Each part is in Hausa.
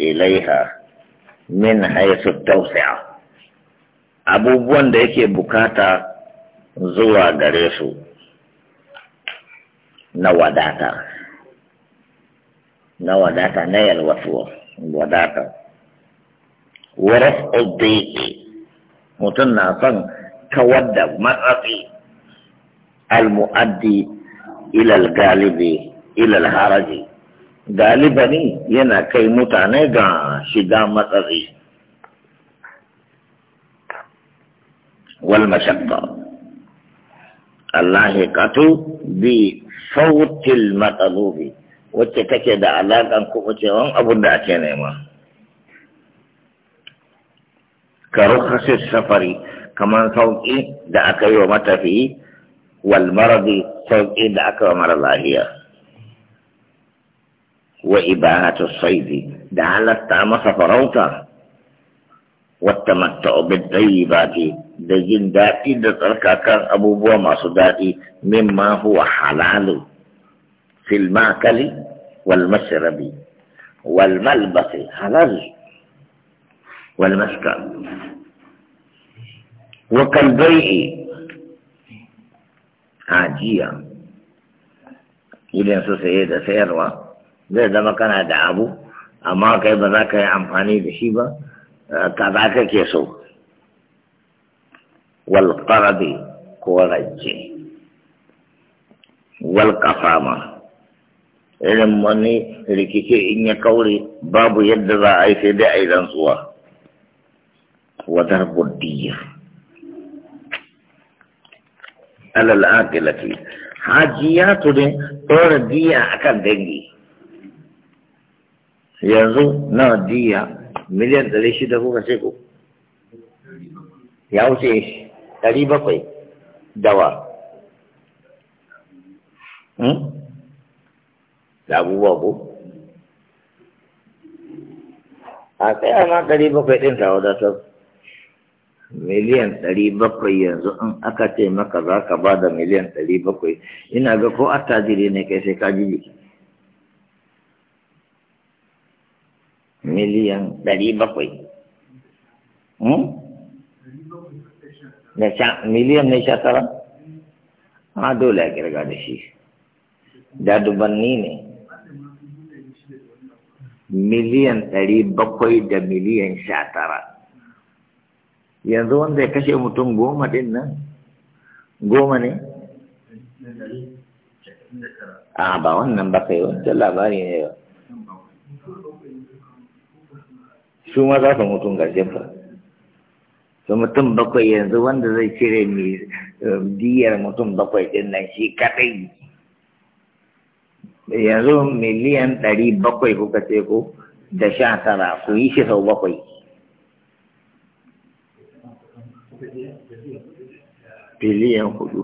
ilaiha min haisu tausiya abubuwan da yake bukata zuwa gare su na wadata na wadata na yalwatuwa wadata waras ɗaiɗe mutum na son kawar da al almu'addi ilal galibi ilal haraji galibani yana kai mutane ga shiga matsatsi wal mashaqqa katu bi sautil matlubi wacce take da alaƙan kuɓucewan abin da ake nema ka rukhasar safari kamar sauƙi da aka yi wa matafi, wal maradi sauƙi da aka yi wa mara lahiya وإباحة الصيد دعلت تامس فروتا والتمتع بالطيبات دجن داتي دتركا كان أبو بوا ما صداتي مما هو حلال في المأكل والمشرب والملبس حلال والمسكن وكالبيع عاجيا إلى سيدة سيروة zai zama kana da abu amma kai ba za ka yi amfani da shi ba eh, ka za ka ke so walƙarabe ko rajje walƙafama irin wani rikice in ya kaure babu yadda za a yi sai dai a yi rantsuwa wadar buddiyya alal aqilati ya ne tsoron diya akan dangi yanzu na diya miliyan ɗari shida kuka ce ku ya wuce ɗari bakwai dawa hmm? da abubuwa ko a tsaya ma ɗari bakwai ɗin ta wadatar miliyan ɗari bakwai yanzu in aka ce maka za ka ba da miliyan ɗari bakwai ina ga ko attajiri ne kai sai ka ji jiki miliyan ɗari bakwai miliyan ne sha tara a dole a kirga da shi da dubanni ne miliyan ɗari bakwai da miliyan sha tara yanzu wanda ya kashe mutum goma din nan goma ne a ba wannan ba kai wancan labari ne yau. su ma za su mutu ga fa su mutum bakwai yanzu wanda zai cire mai eh, diyar mutum bakwai din nan shi kadai yanzu miliyan ɗari bakwai kuka ce ko da sha tara ku yi shi sau bakwai biliyan hudu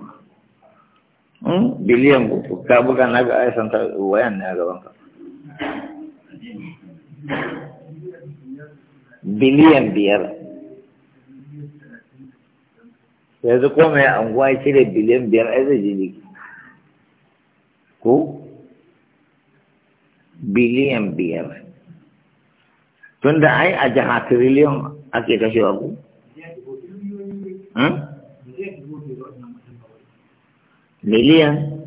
hmm? biliyan hudu ka buga na ga aisan wayan na gaban ka biliyan biyar yanzu ko mai anguwa ya cire biliyan biyar a zai jini ko biliyan biyar tunda ai a jiha tiriliyon ake kashewa ku hmm? miliyan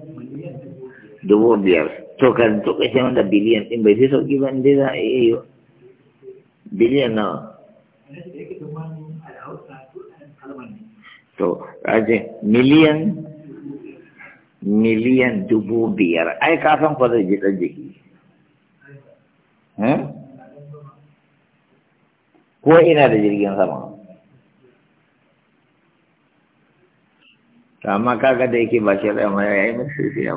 dubu biyar to kan tuka shi wanda biliyan din bai fi sauki ba inda za a iya yi biliyan nawa to aje miliyan miliyan dubu biyar ai kafin kwa zai ji ɗan jiki hm? ko ina da jirgin sama amma kaga da yake ba shi rai mai yayi mai shi ya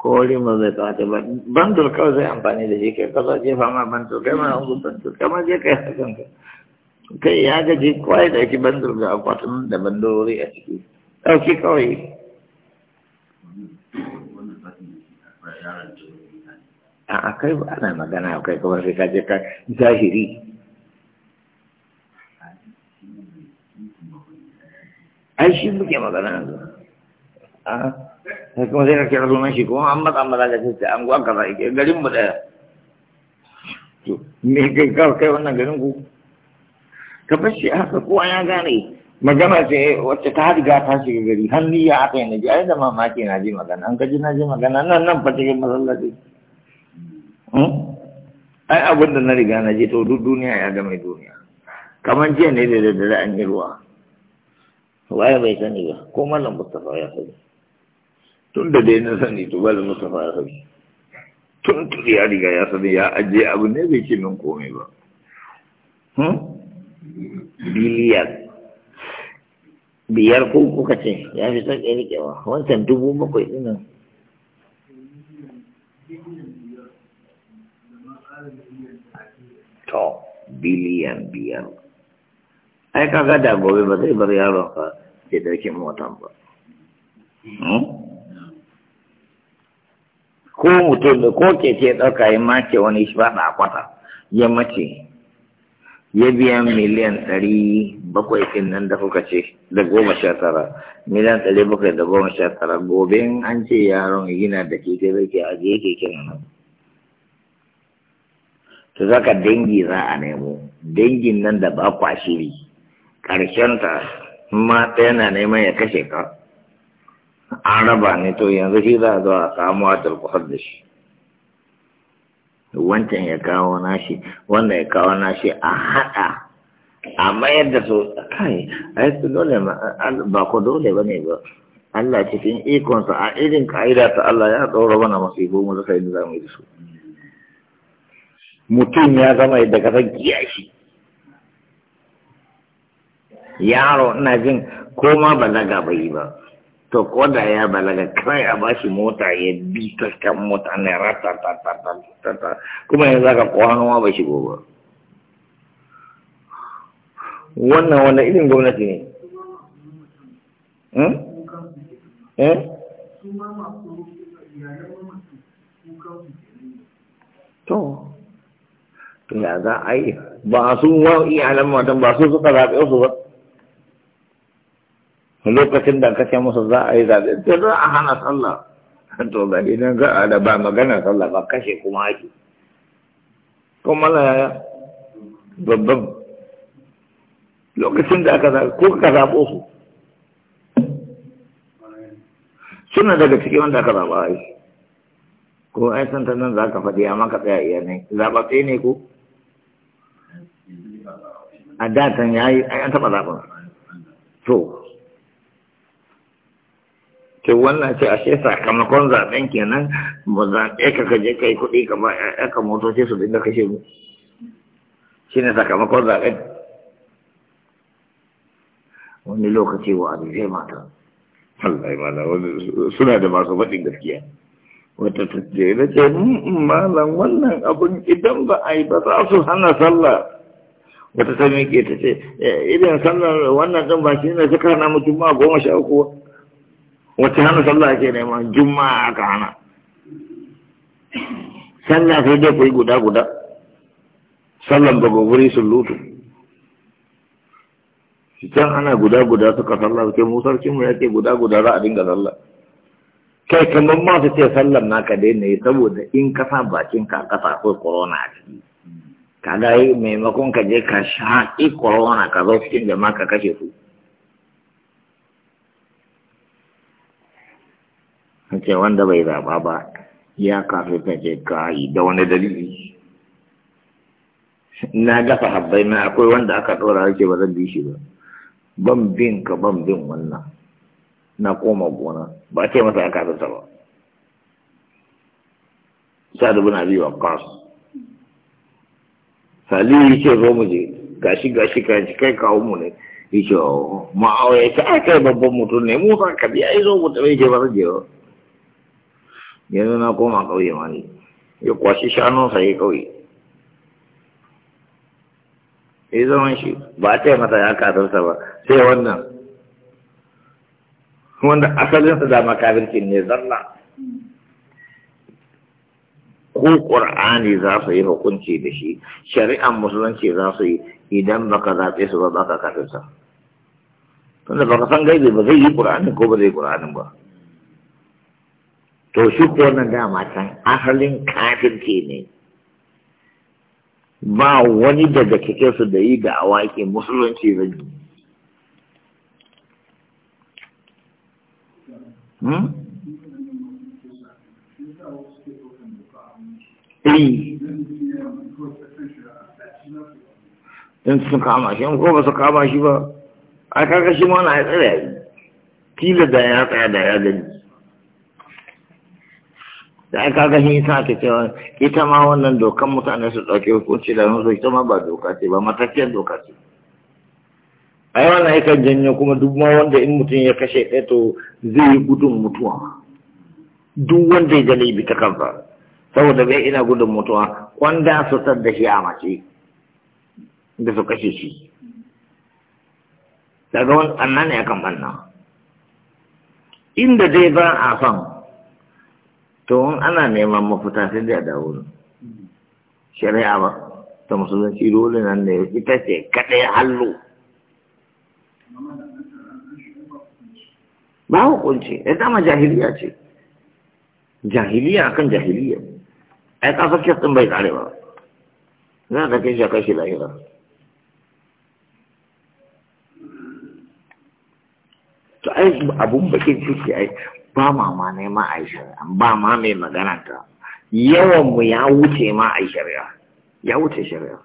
kori ma zai kawace ba bandul kawai zai amfani da shi kai kasa jefa ma bandul kai ma ungu bandul kai ma je kai hakan ka kai ya gaji kawai da ki bandul ga akwatin da bandori a ciki ɗauki kawai a kai ba ana magana kai kawai sai ka je ka zahiri ai shi muke magana yanzu kuma sai ka kira sunan shi kuma an matsa maza ga sai an gwa kaza ike garin mu daya to me kai ka kai wannan garin ku ka bar shi haka an ya gane magana ce wacce ta riga ta shiga gari har ni ya aka yi na ji ai da mamaki na ji magana an gaji na ji magana nan nan fa cikin masallaci hmm? ai abin da na riga na ji to duk duniya ya ga mai duniya kamar jiya ne da daddare an yi ruwa waye bai sani ba ko mallam mustafa ya sani tun da dai na sani to ba mustafa ya sani tun tun ya riga ya sani ya ajiye abu ne bai ce min komai ba hmm? biliyar biyar ko kuka ce ya fi son ya wa. wancan dubu bakwai dinan to biliyan biyar ai kaga da gobe ba zai bar yaron ka ke ɗauki mota ba hmm? ko mutum da ko keke ɗauka ya mace wani shi ba a kwata ya mace ya biya miliyan ɗari bakwai ɗin nan da kuka ce da goma sha tara miliyan ɗari bakwai da goma sha tara gobe an ce yaron yana da keke zai ke ajiye keke nan to ka dangi za a nemo dangin nan da ba kwashiri ƙarshenta ma yana neman ya kashe ka an raba ne to yanzu shi za a zo a samu a durkusar da shi wancan ya kawo nashi wanda ya kawo nashi a haɗa a mayar da su kai ai su dole ba ko dole ba ne ba Allah cikin ikonsa a irin ka'ida ta Allah ya tsoro mana masifu mu da sai za mu yi su mutum ya zama yadda ka san shi. yaro ina jin ko ma balaga bai ba to koda ya balaga kai a bashi mota ya bi ta kan mota ne rata ta ta ta ta ta kuma yanzu zaka kwano ma ba shigo ba wannan wannan irin gwamnati ne eh? to to ya za a yi ba su wa iyalan matan ba su suka zaɓe su ba lokacin da kace musu za a yi zaɓe to za a hana sallah to ga idan za a da ba magana sallah ba kashe kuma ake kuma yaya babban lokacin da aka zaɓe ko ka zaɓo su suna daga ciki wanda aka zaɓa yi ko ai san ta nan za ka faɗi amma ka tsaya iya ne tsaye ne ko a datan ya yi an taɓa zaɓa to to wannan ce ashe sakamakon zaben kenan ba zaɓe ka kaje kai kuɗi ka ba ƴaƴaka motoci su dinga kashe mu shine sakamakon zaben wani lokaci wa abu zai mata Allah wani suna da masu faɗin gaskiya wata tattare da ce mm, mm, malam wannan abun idan ba a yi ba za su hana sallah wata sami ke ta ce eh, idan sallah wannan ɗin ba shi ne suka na mutum ma goma sha uku wacce hana sallah ake nema juma'a aka hana sallah sai dai ku yi guda guda sallan wuri sun lutu shi can ana guda guda suka sallah sai mu sarkin mu yake guda guda za a dinga sallah kai kamar ma su ce sallan naka daina yi saboda in kasa bakin ka kasa akwai corona a ciki ka ga maimakon ka je ka i corona ka zo cikin jama'a ka kashe su ce wanda bai zaba ba ya kafin ta ce yi da wani dalili na gafa habbai na akwai wanda aka tsora yake ba zan bi shi ba ban bin ka ban bin wannan na koma gona ba ce masa aka zata ba biyu a abi waqqas salihu ce zo mu je gashi gashi ka ji kai kawo mu ne yace oh, ma'awai ta yi babban mutum ne mu ka biya yi zo mu tabe ce ba zan je ba yanzu na koma ƙauye ma ne ya kwashi shanunsa ya ƙauye ya zaman shi ba a ce masa ya kasarsa ba sai wannan sa asalinsa da makabirkin ne zalla ko ƙur'ani za su yi hukunci da shi shari'an musulunci za su yi idan baka zaɓe su ba baka kafirsa tunda baka san gaibe ba zai yi ƙur'anin ko ba zai yi ƙur'anin ba to shi ko wannan dama can asalin kafirci ne ba wani daga cikinsu da yi da awaki musulunci ba ne. Hmm? Eh. in sun kama shi ko ba su kama shi ba a kaka shi ma na ya tsaya da ya tsaya da ya gani da ya kaga shi sa ke cewa ita ma wannan dokan mutane su dauke hukunci da yanzu ita ma ba doka ce ba matakiyar doka ce ai wannan yakan janyo kuma duk ma wanda in mutum ya kashe ɗaya to zai yi gudun mutuwa duk wanda ya bi ta kansa saboda bai ina gudun mutuwa wanda su tar da shi a mace da su kashe shi daga wani annan ya kan banna inda dai ba a son to in ana neman mafita sai da da wurin shari'a ba ta musulunci dole nan da ita ce kaɗai hallo ba hukunci ya dama jahiliya ce jahiliya akan jahiliya ai kasar kirtin bai kare ba za ka kai shakar shi lahira to ai abun bakin ciki ai ba ma ma nema a shari'a ba ma mai magana ta yawan mu ya wuce ma a shari'a ya wuce shari'a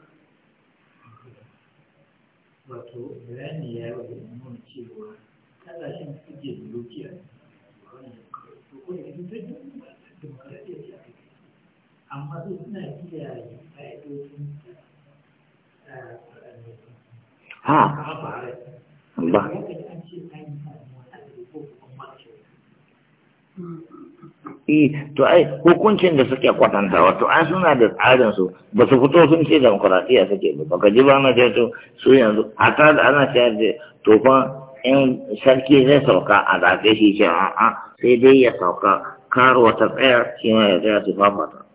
eh, ha ba eh to ai hukuncin da suke kwatantawa wato ai suna da tsarin su ba su fito sun ce demokradiya suke ba baka ji ba na ce to su yanzu ta da ana ce da to fa in sarki zai sauka a zaɓe shi ce a'a sai dai ya sauka kar wata tsaya shi ma ya tsaya su fafata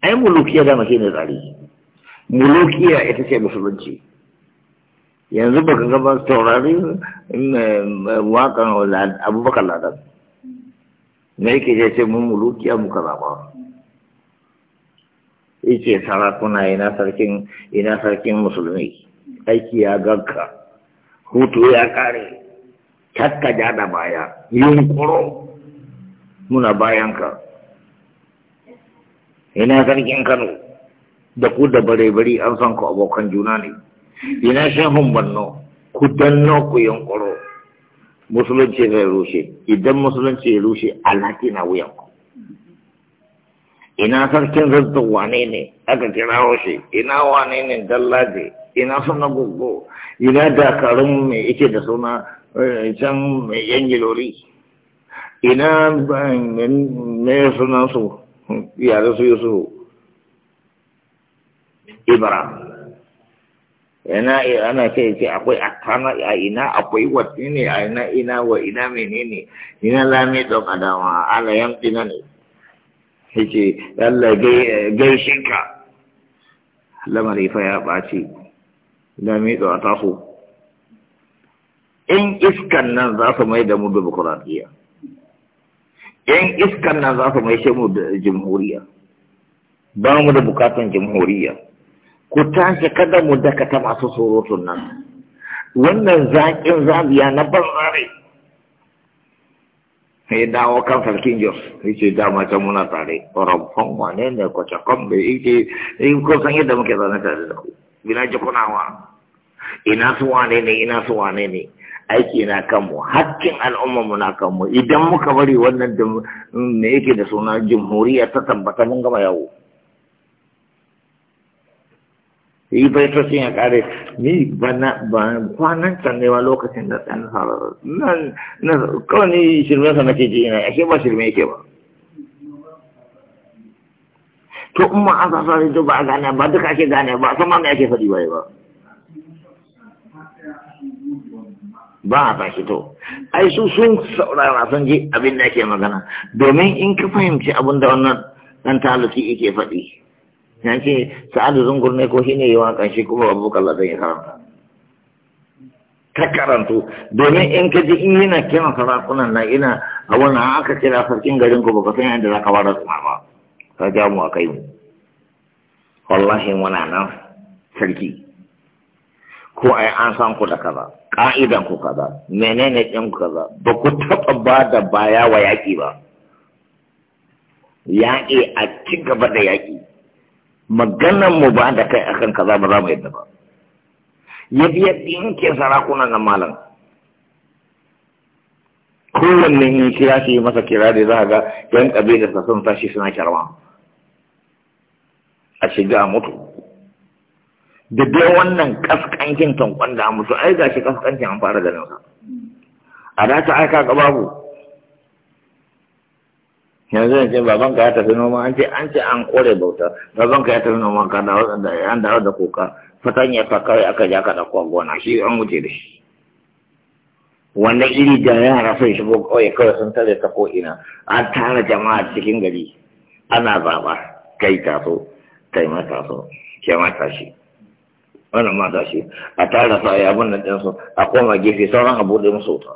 ai mulukiya da mace ne tsari mulukiya ita ce musulunci yanzu baka ga gaba taurari eh, wakan abubakar ladan na yake je ce mun mulukiya muka zaba yake sarakuna ina sarkin ina sarkin musulmi aiki ya ganka hutu ya kare takka ja da baya yunkuro muna bayanka ina sarkin kano da ku da bare-bari an san ku abokan juna ne ina shahun banno ku danno ku yunkuro musulunci zai rushe idan musulunci ya rushe alhaki na ku. ina sarkin zartar wane ne aka kira shi ina wane ne dallaje ina suna gugu ina dakarun mai ike da suna eh, can mai yan gilori ina ne eh, suna su yare su yusufu ibrahim yana ana ce ce akwai akana a ina akwai wata ne a ina ina wa ina menene ina lami don adama ala yamti na ne yace yalla gaishe ka lamari fa ya ɓaci lami don a in iskan nan za su mai da mu demokuraɗiyya in iskan nan za su mai shi mu da jamhuriya ba mu da bukatan jamhuriya ku tashi kada mu dakata masu surutun nan wannan zaƙin zabiya na banzare ya dawo kan sarkin jos ya ce dama can muna tare ramfan wane ne kan bai ike yi ko san yadda muke zane tare da ku ina ji kunawa ina su wane ne ina su wane ne aiki na kanmu hakkin al'ummarmu na kanmu idan muka bari wannan da yake da suna jumhuriya ta tabbata mun gama yawo yi baitocin ya kare ni bana ba kwanan can ne ma lokacin da ɗan sarara nan na kawai ni shirme sa nake ji ina ba shirme yake ba to in ma an sasa da ba a gane ba duka ake gane ba sama me ake faɗi bai ba ba a tashi to ai su sun saurara sun ji abin da ake magana domin in ka fahimci abin da wannan ɗan talaki yake faɗi ya ce sa'adu zungur ne ko shi ne yawan ƙanshi kuma babu kalla zai karanta ta karantu domin in ka ji in yana kiran sarakunan na ina a wannan aka kira sarkin garin ku baka san yadda za ka bada suna ba ka ja mu a kai mu wallahi muna nan sarki ko yi an san ku da kaza ka'idan ku kaza menene ɗin ku kaza ba ku taɓa ba da baya wa yaƙi ba yaƙi a ci gaba da yaƙi maganan mu ba da kai akan kaza ba za mu yadda ba ya biya ke sarakuna na malam kowanne in kira shi masa kira da za a ga yan kabila sa sun tashi suna kyarma a shiga a mutu da dai wannan kaskancin tankon da mutu ai ga shi kaskancin an fara ganin sa a da ta aika ga babu yanzu yanzu baban ka ya tafi noma an ce an ce an kore bauta baban ka ya tafi noma ka da wanda an dawo da kuka fatan ya fa kawai aka ja ka da kwa gona shi an wuce da shi wanda iri da yara sai shigo ya kawai sun tare ta ko ina an tara jama'a cikin gari ana zaba kai taso kai ma so ke ma shi wannan ma shi a tara sa ya bunna din su a koma gefe sauran abu da musu ta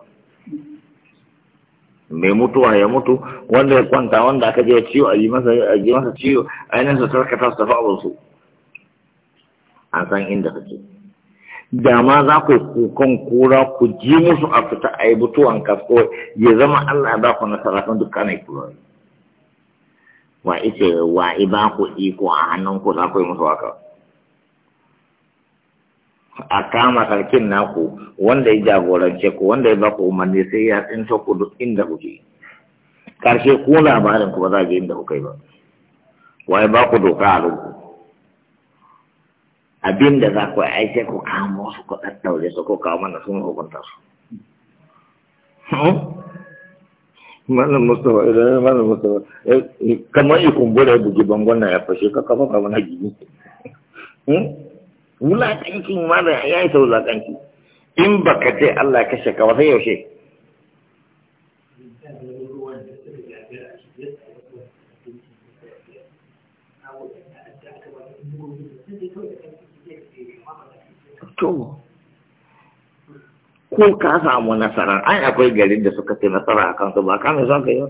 mai mutuwa ya mutu wanda ya kwanta wanda aka je ciwo a yi masa a ji su tarkata su tafi abinsu su an san inda kake da ma za ku kukan kura ku ji musu a fita a yi mutuwan kasko ya zama Allah ya ba ku nasara kan dukkanin kura wa ice wa ba ku iko a hannun ku za ku yi musu haka a kama sarkin naku wanda ya jagorance ku wanda ya baku umarni sai ya tsinta ku duk inda kuke karshe ku labarin ku ba za ga inda kuka yi ba waye ba ku doka a rubu abin da za ku ai sai ku kama su ku ɗaɗɗaure su ko kama na sun hukunta su hmm? mana mustapha idan eh, mana mustapha eh, kamar ikun ya bugi bangon na ya fashe ka kafa kama na gini hmm? wulaƙancin ma da ya yi ta wulaƙanci in ba ka ce Allah ka shaka wata yaushe to ko ka samu nasara ai akwai garin da suka ce nasara a kansu ba kame son ka yi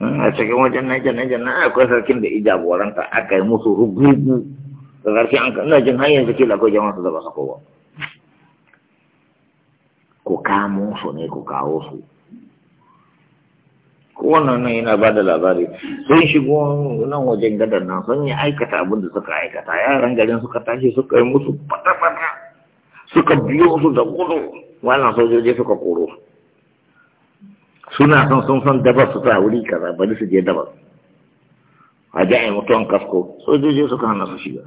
hmm, a cikin wajen na naija na akwai sarkin da ijaboranta aka yi musu rugugu da ƙarshe an kana jin hanyar suke da akwai jama'a da ba su kowa ku kamo su ne ku kawo su kowannan nan yana ba da labari sun shigo nan wajen gadar nan sun yi aikata abin da suka aikata yaran garin suka tashi suka yi musu fata-fata suka biyo su da gudu wannan sojoji suka koro suna son sun san dabar su ta wuri kaza bari su je dabar a ji a yi mutuwan kasko sojoji suka hana su shiga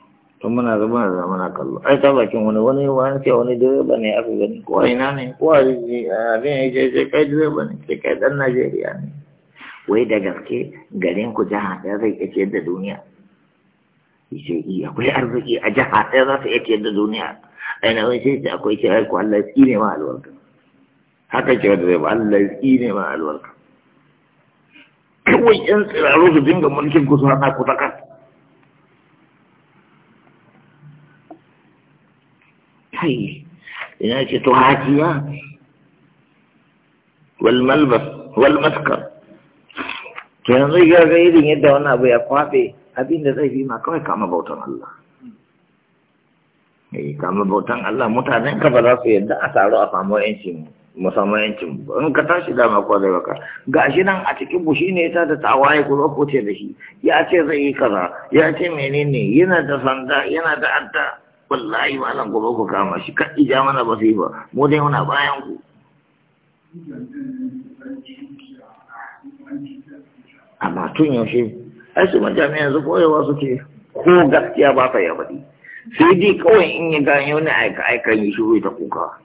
tun muna zama da zama na kallo ai ta bakin wani wani wani ce wani direba ne aka gani ko ina ne ko a riji abin ya ce ce kai direba ne ce kai dan najeriya ne wai da gaske garin ku jihar ɗaya zai iya ciyar da duniya ce iya akwai arziki a jihar ɗaya za su iya ciyar da duniya ai na wani ce akwai ce ai ku allah tsine ma albarka haka ce wanda zai Allah ya tsine ma albarka kawai yan tsiraru su dinga mulkin ku su hana ku ta kai ina ce to hajiya wal malbas wal maskar to yanzu ya ga irin yadda wani abu ya kwafe abin da zai fi ma kawai kama bautan Allah eh kama bautan Allah mutanen ka ba za su yadda a taro a samu yancin mu samu yancin in ka tashi dama ko zai baka gashi nan a cikin Bushi ne ta da tawaye ko ko ce da shi ya ce zai yi kaza ya ce menene yana da sanda yana da adda wallahi malam gobe ku kama shi kan ija mana basifa mu dai muna bayan ku amma tun yaushe ai su majami yanzu koyewa suke ko gaskiya ba ta ya faɗi sai dai kawai in ya gane wani aika aikan yi shi ta kuka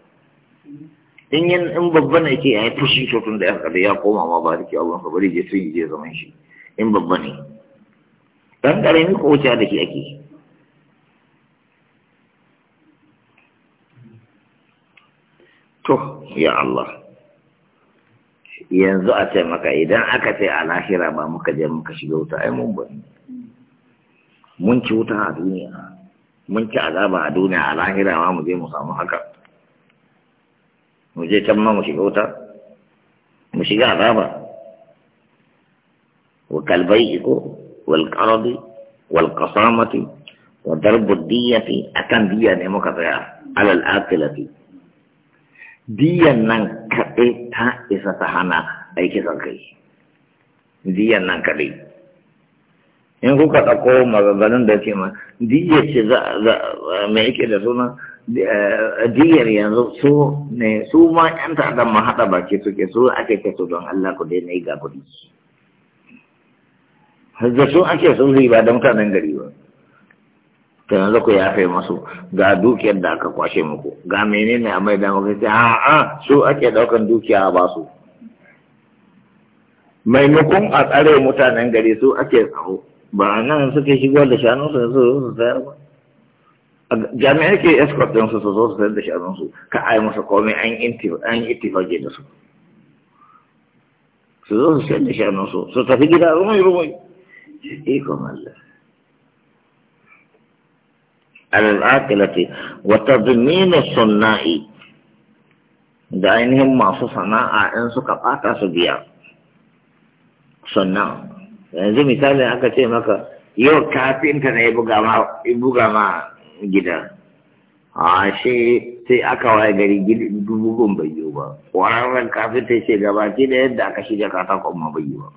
in yi in babba ne ke yi fushi to tun da ya kada ya koma ma ba rike abun ka bari je sun yi je zaman shi in babba ne dan ƙarami ko wuce da ke ake Tuh, ya Allah yanzu a ce maka idan aka ce a lahira ba muka je muka shiga wuta ai mun bari mun ci wuta a duniya mun ci azaba a duniya a lahira ma mu je mu samu haka mu je can ma mu shiga wuta mu shiga azaba wa kalbai ko wal qaradi wal qasamati wa darbu diyati akan diya ne muka tsaya alal aqilati diyan nan kaɗai ta isa ta hana aiki son kai diyan nan kaɗai in kuka ɗauko maganganun da ke ma diyar ce za mai yake da suna eh, diyar yanzu su ne su ma yan ta'adar ma haɗa baki suke su ake ce su don Allah ku daina yi ga kuɗi har su ake sun riba don kanan gari ba ta yanzu ku yafe masu ga dukiyar da aka kwashe muku ga menene a mai damar sai a a su ake daukan dukiya a basu maimakon a tsare mutanen gari su ake tsaro ba nan suke shigo da shanun su su sayar ba jami'a ke escort din su su zo su sayar da shanun su ka ai musu komai an an ittifaqi da su su zo su sayar da shanun su su tafi gida rumai rumai iko mallaka على العاقلة وتضمين الصناع da ainihin masu sana'a in suka ɓata su biya sannan yanzu misali aka ce maka yau kafinta na ya buga ma gida a shi sai aka waye gari dubu bai yiwu ba ƙwararren kafinta ce gabaki da yadda aka shirya katakon ma bayyo ba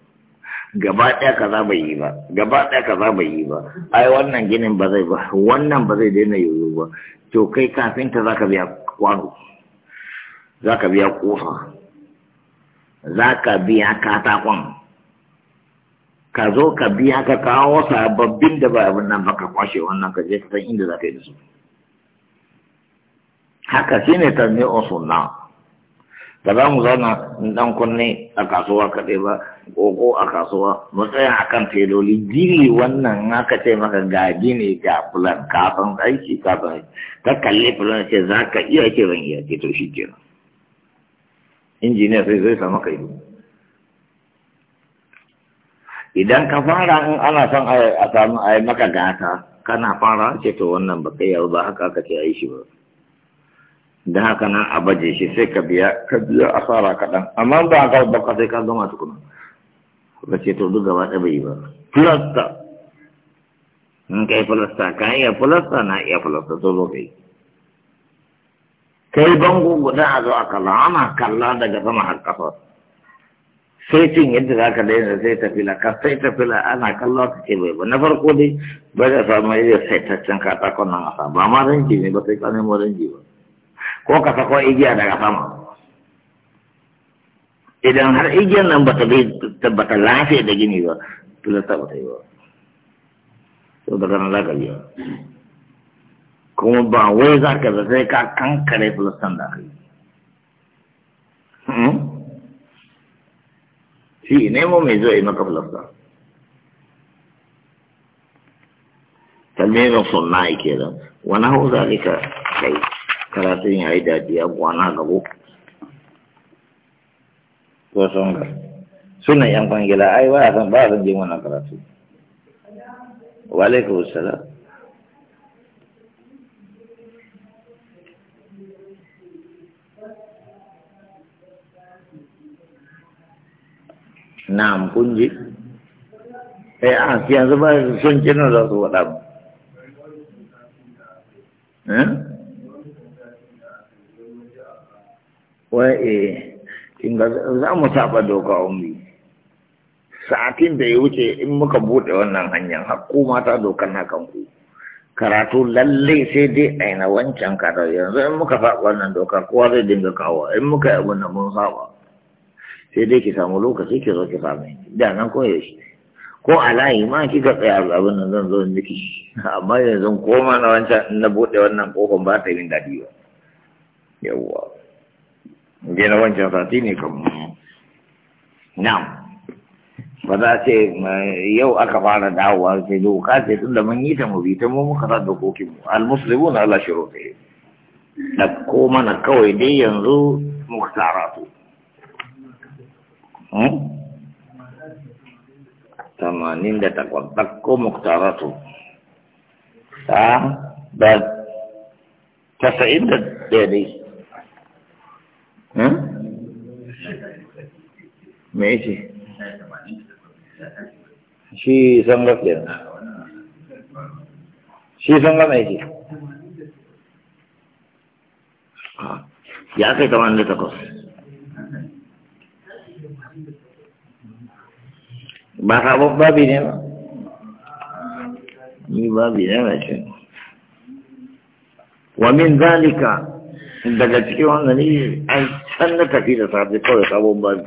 gaba ɗaya kaza bai yi ba gaba ɗaya kaza bai yi ba ai wannan ginin ba zai ba wannan ba zai daina yoyo ba to kai kafin ta ka biya kwano ka biya kofa ka biya katakon ka zo ka biya ka kawo sababbin da ba abin nan ba ka kwashe wannan ka je ka san inda za ka yi da su haka shine tarmi'un sunna ba za mu zana dan kunne a kasuwa kaɗai ba koko a kasuwa mu tsaya a kan teloli gini wannan aka ce maka ga gini ga fulan kafin aiki kafin ta kalli fulan ce za ka iya ke ban iya ce to shi kenan injiniya sai zai samu kai idan ka fara in ana son a samu a yi maka gata kana fara ce to wannan ba kai ba haka aka ce a yi shi ba da haka nan a baje shi sai ka biya ka biya asara kaɗan amma ba ka ba ka sai ka gama tukuna ba ce to duk gaba ɗaya bai ba plasta in kai plasta ka iya plasta na iya plasta to zo kai kai bango guda a zo a kalla ana kalla daga sama har ƙasa sai cin yadda za ka daina sai tafila ka sai tafila ana kalla ka ce bai ba na farko dai ba da samu can, ka ta nan a sa ba ma ranji ne ba sai ka nemo ranji ba ko ka sako igiya daga sama idan har igiyar nan ba ta tabbata lafiya da gini ba tilasta ba ta yi ba to daga nan za ka biya kuma ba wai za ka sai ka kankare filistan da aka yi hmm? shi nemo mai zo yi maka filistan talmirin sunna ke nan wani hau ka kai karatun ya yi daɗi ya kwana gabo ko songa suna yan kwangila ai ba a san ba a san jin eh ba sun kina za su waɗa eh, eh. inda za mu saba doka umri sa'atin da ya wuce in muka bude wannan hanyar hakku mata dokan na kanku karatu lalle sai dai aina wancan karatu, yanzu in muka saba wannan doka kowa zai dinga kawo in muka yi abin mun saba sai dai ki samu lokaci ki zo ki same da nan ko yaushe ko a ma ki ga tsaya abin nan zan zo miki amma yanzu koma na wancan in na bude wannan kofar ba ta yin dadi ba yawwa gina wancan sati ne kan na'am ba za ce yau aka fara dawowa ce doka sai tun da mun yi ta mu bi ta mu muka sa dokokin mu almuslimu na Allah shiro ta yi da ko mana kawai eh, dai yanzu muka tara hmm? su tamanin da takwas ko muka tara su ta da tasa'in da ɗaya me yake shi san ga kenan shi san ga mai yake ya kai kamar da takwas ba sabon babi ne ba ni babi ne ba ce wa min zalika daga cikin wannan ne ai can na tafi da safe kawai sabon babi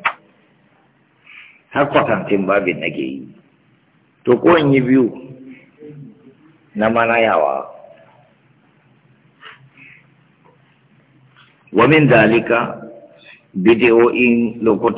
har kwatantin babin nake yi to kowane yi biyu na manayawa wa min dalika bidiyoyin lokuta